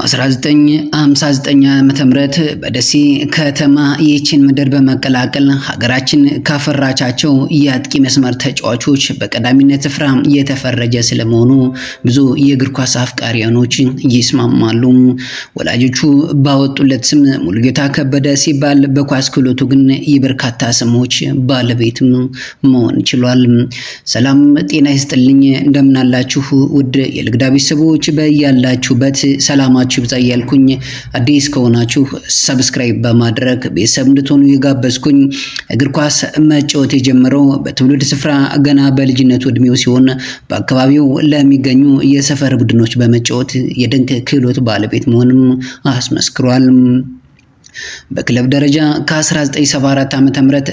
1959 ዓ.ም በደሴ ከተማ ይህችን ምድር በመቀላቀል ሀገራችን ካፈራቻቸው የአጥቂ መስመር ተጫዋቾች በቀዳሚነት ስፍራ የተፈረጀ ስለመሆኑ ብዙ የእግር ኳስ አፍቃሪያኖች ይስማማሉ። ወላጆቹ ባወጡለት ስም ሙሉጌታ ከበደ ሲባል በኳስ ክህሎቱ ግን የበርካታ ስሞች ባለቤትም መሆን ችሏል። ሰላም ጤና ይስጥልኝ፣ እንደምናላችሁ ውድ የልግዳ ቤተሰቦች በያላችሁበት ሰላማ ሰላማችሁ ይብዛ እያልኩኝ አዲስ ከሆናችሁ ሰብስክራይብ በማድረግ ቤተሰብ እንድትሆኑ የጋበዝኩኝ። እግር ኳስ መጫወት የጀመረው በትውልድ ስፍራ ገና በልጅነቱ እድሜው ሲሆን በአካባቢው ለሚገኙ የሰፈር ቡድኖች በመጫወት የድንቅ ክህሎት ባለቤት መሆንም አስመስክሯል። በክለብ ደረጃ ከ1974 ዓ.ም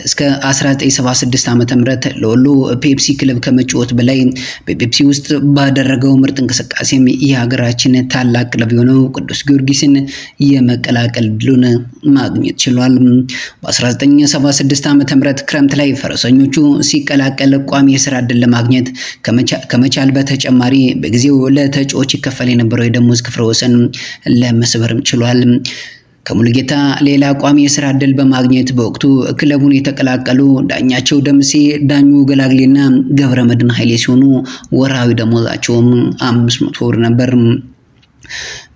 እስከ 1976 ዓ.ም ለወሎ ፔፕሲ ክለብ ከመጫወት በላይ በፔፕሲ ውስጥ ባደረገው ምርጥ እንቅስቃሴም የሀገራችን ታላቅ ክለብ የሆነው ቅዱስ ጊዮርጊስን የመቀላቀል ድሉን ማግኘት ችሏል። በ1976 ዓ.ም ክረምት ላይ ፈረሰኞቹ ሲቀላቀል ቋሚ የስራ እድል ለማግኘት ከመቻል በተጨማሪ በጊዜው ለተጫዎች ይከፈል የነበረው የደሞዝ ክፍረ ወሰን ለመስበርም ችሏል። ከሙልጌታ ሌላ ቋሚ የስራ እድል በማግኘት በወቅቱ ክለቡን የተቀላቀሉ ዳኛቸው ደምሴ፣ ዳኙ ገላግሌና ገብረ መድን ኃይሌ ሲሆኑ ወርሃዊ ደሞዛቸውም አምስት መቶ ብር ነበር።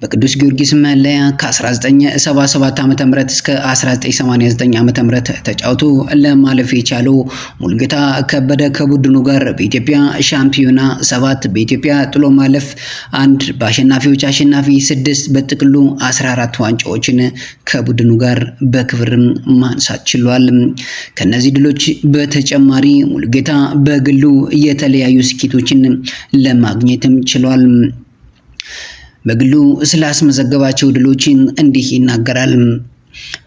በቅዱስ ጊዮርጊስ መለያ ከ1977 ዓ.ም እስከ 1989 ዓ.ም ተጫውቶ ለማለፍ የቻለው ሙልጌታ ከበደ ከቡድኑ ጋር በኢትዮጵያ ሻምፒዮና ሰባት በኢትዮጵያ ጥሎ ማለፍ አንድ በአሸናፊዎች አሸናፊ ስድስት በጥቅሉ 14 ዋንጫዎችን ከቡድኑ ጋር በክብርም ማንሳት ችሏል። ከነዚህ ድሎች በተጨማሪ ሙልጌታ በግሉ የተለያዩ ስኬቶችን ለማግኘትም ችሏል። በግሉ ስላስመዘገባቸው ድሎችን እንዲህ ይናገራል።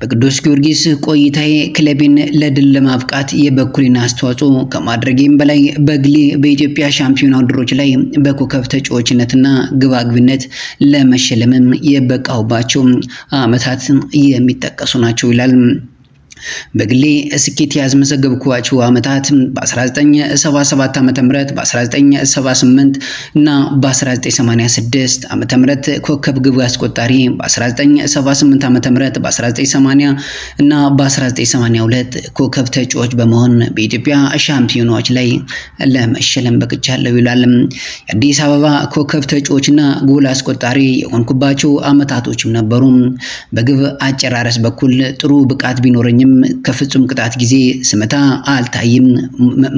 በቅዱስ ጊዮርጊስ ቆይታዬ ክለቤን ለድል ለማብቃት የበኩሌን አስተዋጽኦ ከማድረጌም በላይ በግሌ በኢትዮጵያ ሻምፒዮና ውድድሮች ላይ በኮከብ ተጫዋችነትና ግባግብነት ለመሸለምም የበቃሁባቸው ዓመታት የሚጠቀሱ ናቸው ይላል። በግሌ ስኬት ያስመዘገብኳቸው ዓመታት በ1977 ዓ.ም በ1978 እና በ1986 ዓ.ም ኮከብ ግብ አስቆጣሪ በ1978 ም በ1980 እና በ1982 ኮከብ ተጫዋች በመሆን በኢትዮጵያ ሻምፒዮናዎች ላይ ለመሸለም በቅቻለሁ ይላል። የአዲስ አበባ ኮከብ ተጫዋችና ጎል አስቆጣሪ የሆንኩባቸው ዓመታቶችም ነበሩ። በግብ አጨራረስ በኩል ጥሩ ብቃት ቢኖረኝም ከፍጹም ቅጣት ጊዜ ስመታ አልታይም።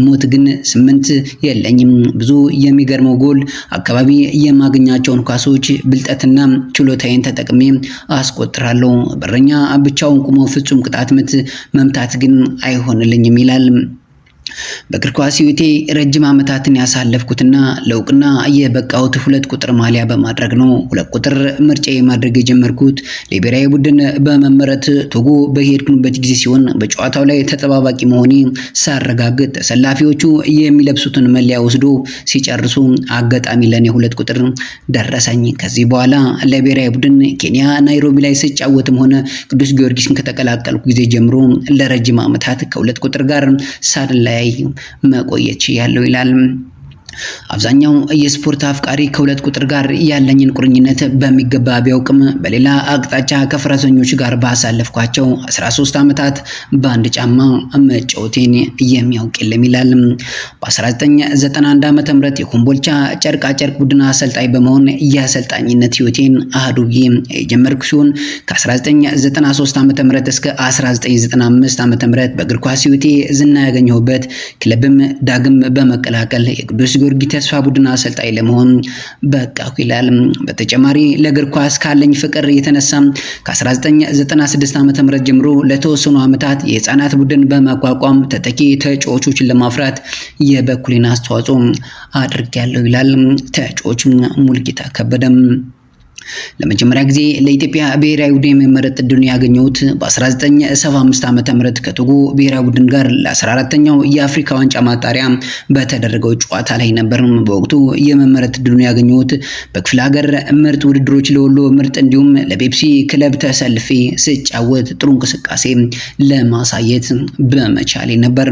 ሞት ግን ስምንት የለኝም። ብዙ የሚገርመው ጎል አካባቢ የማገኛቸውን ኳሶች ብልጠትና ችሎታዬን ተጠቅሜ አስቆጥራለሁ። በረኛ ብቻውን ቁሞ ፍጹም ቅጣት ምት መምታት ግን አይሆንልኝም ይላል። በእግር ኳስ ሕይወቴ ረጅም ዓመታትን ያሳለፍኩትና ለእውቅና የበቃሁት ሁለት ቁጥር ማሊያ በማድረግ ነው። ሁለት ቁጥር ምርጫ ማድረግ የጀመርኩት ለብሔራዊ ቡድን በመመረት ቶጎ በሄድኩንበት ጊዜ ሲሆን በጨዋታው ላይ ተጠባባቂ መሆኔ ሳረጋግጥ ተሰላፊዎቹ የሚለብሱትን መለያ ወስዶ ሲጨርሱ አጋጣሚ ለእኔ ሁለት ቁጥር ደረሰኝ። ከዚህ በኋላ ለብሔራዊ ቡድን ኬንያ ናይሮቢ ላይ ስጫወትም ሆነ ቅዱስ ጊዮርጊስን ከተቀላቀልኩ ጊዜ ጀምሮ ለረጅም ዓመታት ከሁለት ቁጥር ጋር ሳልለያይ ላይ መቆየት ችያለሁ ይላል። አብዛኛው የስፖርት አፍቃሪ ከሁለት ቁጥር ጋር ያለኝን ቁርኝነት በሚገባ ቢያውቅም በሌላ አቅጣጫ ከፈረሰኞች ጋር ባሳለፍኳቸው 13 ዓመታት በአንድ ጫማ መጫወቴን የሚያውቅ የለም ይላል። በ1991 ዓ ም የኮምቦልቻ ጨርቃጨርቅ ቡድን አሰልጣኝ በመሆን የአሰልጣኝነት ህይወቴን አህዱ የጀመርኩ ሲሆን ከ1993 ዓ ም እስከ 1995 ዓ ም በእግር ኳስ ህይወቴ ዝና ያገኘሁበት ክለብም ዳግም በመቀላቀል የቅዱስ ጊዮርጊ ተስፋ ቡድን አሰልጣኝ ለመሆን በቃሁ ይላል። በተጨማሪ ለእግር ኳስ ካለኝ ፍቅር የተነሳ ከ1996 ዓ ም ጀምሮ ለተወሰኑ ዓመታት የህፃናት ቡድን በማቋቋም ተተኪ ተጫዋቾችን ለማፍራት የበኩሌን አስተዋጽኦ አድርጌያለሁ ይላል ተጫዋቹ ሙልጌታ ከበደም ለመጀመሪያ ጊዜ ለኢትዮጵያ ብሔራዊ ቡድን የመመረጥ እድሉን ያገኘውት በ1975 ዓ ም ከቶጎ ብሔራዊ ቡድን ጋር ለ14ተኛው የአፍሪካ ዋንጫ ማጣሪያ በተደረገው ጨዋታ ላይ ነበር። በወቅቱ የመመረጥ እድሉን ያገኘሁት በክፍለ ሀገር ምርጥ ውድድሮች ለወሎ ምርጥ እንዲሁም ለፔፕሲ ክለብ ተሰልፌ ስጫወት ጥሩ እንቅስቃሴ ለማሳየት በመቻሌ ነበር።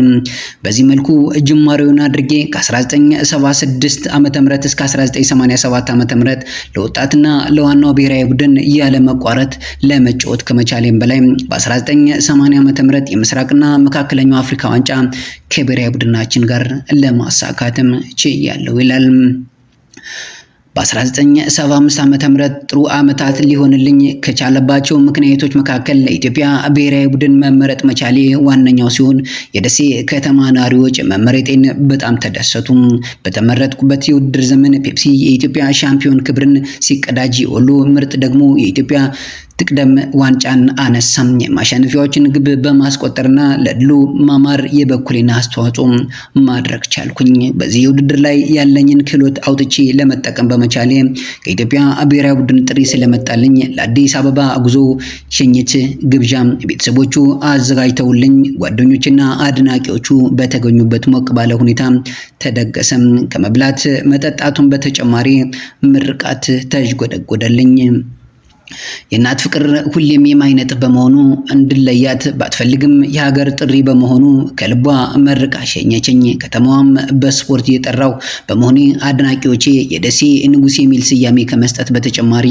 በዚህ መልኩ ጅማሬውን አድርጌ ከ1976 ዓ ም እስከ 1987 ዓ ም ለወጣትና ለ የዋናው ብሔራዊ ቡድን ያለመቋረጥ ለመጫወት ከመቻሌም በላይ በ1980 ዓ.ም ምህረት የምስራቅና መካከለኛው አፍሪካ ዋንጫ ከብሔራዊ ቡድናችን ጋር ለማሳካትም ችያለሁ ይላል። በ1975 ም ጥሩ ዓመታት ሊሆንልኝ ከቻለባቸው ምክንያቶች መካከል ለኢትዮጵያ ብሔራዊ ቡድን መመረጥ መቻሌ ዋነኛው ሲሆን የደሴ ከተማ ነዋሪዎች መመረጤን በጣም ተደሰቱ። በተመረጥኩበት የውድድር ዘመን ፔፕሲ የኢትዮጵያ ሻምፒዮን ክብርን ሲቀዳጅ፣ ወሎ ምርጥ ደግሞ የኢትዮጵያ ትቅደም ዋንጫን አነሳም። የማሸነፊያዎችን ግብ በማስቆጠርና ለድሉ ማማር የበኩሌን አስተዋጽኦ ማድረግ ቻልኩኝ። በዚህ ውድድር ላይ ያለኝን ክህሎት አውጥቼ ለመጠቀም በመቻሌ ከኢትዮጵያ ብሔራዊ ቡድን ጥሪ ስለመጣልኝ ለአዲስ አበባ ጉዞ ሽኝት ግብዣ ቤተሰቦቹ አዘጋጅተውልኝ ጓደኞችና አድናቂዎቹ በተገኙበት ሞቅ ባለ ሁኔታ ተደገሰም። ከመብላት መጠጣቱን በተጨማሪ ምርቃት ተዥጎደጎደልኝ። የእናት ፍቅር ሁሌም የማይነጥ በመሆኑ እንድለያት ባትፈልግም የሀገር ጥሪ በመሆኑ ከልቧ መርቃ ሸኘችኝ። ከተማዋም በስፖርት የጠራው በመሆኔ አድናቂዎቼ የደሴ ንጉስ የሚል ስያሜ ከመስጠት በተጨማሪ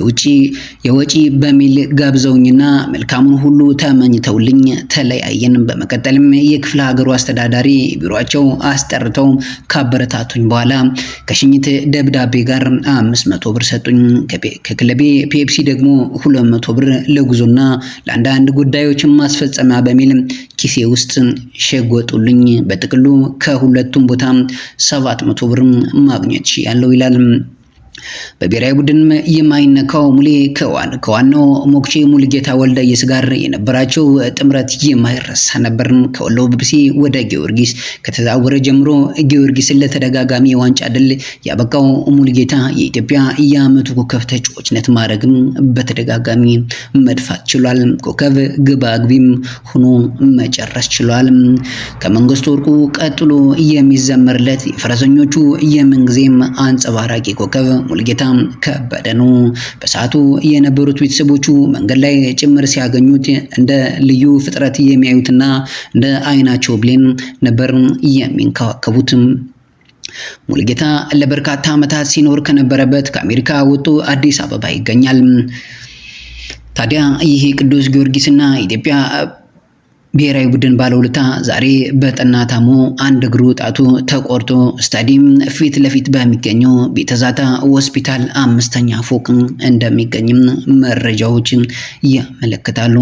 የውጪ የወጪ በሚል ጋብዘውኝና መልካሙን ሁሉ ተመኝተውልኝ ተለያየን። በመቀጠልም የክፍለ ሀገሩ አስተዳዳሪ ቢሮቸው አስጠርተው ካበረታቱኝ በኋላ ከሽኝት ደብዳቤ ጋር አምስት መቶ ብር ሰጡኝ። ከክለቤ ፔፕሲ ፔፕሲ ደግሞ 200 ብር ለጉዞና ለአንዳንድ ጉዳዮች ማስፈጸሚያ በሚል ኪሴ ውስጥ ሸጎጡልኝ። በጥቅሉ ከሁለቱም ቦታ 700 ብር ማግኘት ያለው ይላል። በብሔራዊ ቡድንም የማይነካው ሙሌ ከዋናው ሞክቼ ሙሉጌታ ወልደየስ ጋር የነበራቸው ጥምረት የማይረሳ ነበርን። ከወሎ ብብሲ ወደ ጊዮርጊስ ከተዛወረ ጀምሮ ጊዮርጊስን ለተደጋጋሚ የዋንጫ ድል ያበቃው ጌታ የኢትዮጵያ የአመቱ ኮከብ ተጫዋችነት ማድረግም በተደጋጋሚ መድፋት ችሏል። ኮከብ ግባግቢም ሆኖ መጨረስ ችሏል። ከመንግስቱ ወርቁ ቀጥሎ የሚዘመርለት የፈረሰኞቹ የምንጊዜም አንጸባራቂ ኮከብ ሙልጌታ ከበደ ነው። በሰዓቱ የነበሩት ቤተሰቦቹ መንገድ ላይ ጭምር ሲያገኙት እንደ ልዩ ፍጥረት የሚያዩትና እንደ አይናቸው ብሌን ነበር የሚንከባከቡት። ሙልጌታ ለበርካታ ዓመታት ሲኖር ከነበረበት ከአሜሪካ ወጡ አዲስ አበባ ይገኛል። ታዲያ ይህ ቅዱስ ጊዮርጊስና ኢትዮጵያ ብሔራዊ ቡድን ባለውለታ ዛሬ በጠና ታሞ አንድ እግሩ ጣቱ ተቆርጦ ስታዲየም ፊት ለፊት በሚገኘው ቤተዛታ ሆስፒታል አምስተኛ ፎቅ እንደሚገኝም መረጃዎች ያመለክታሉ።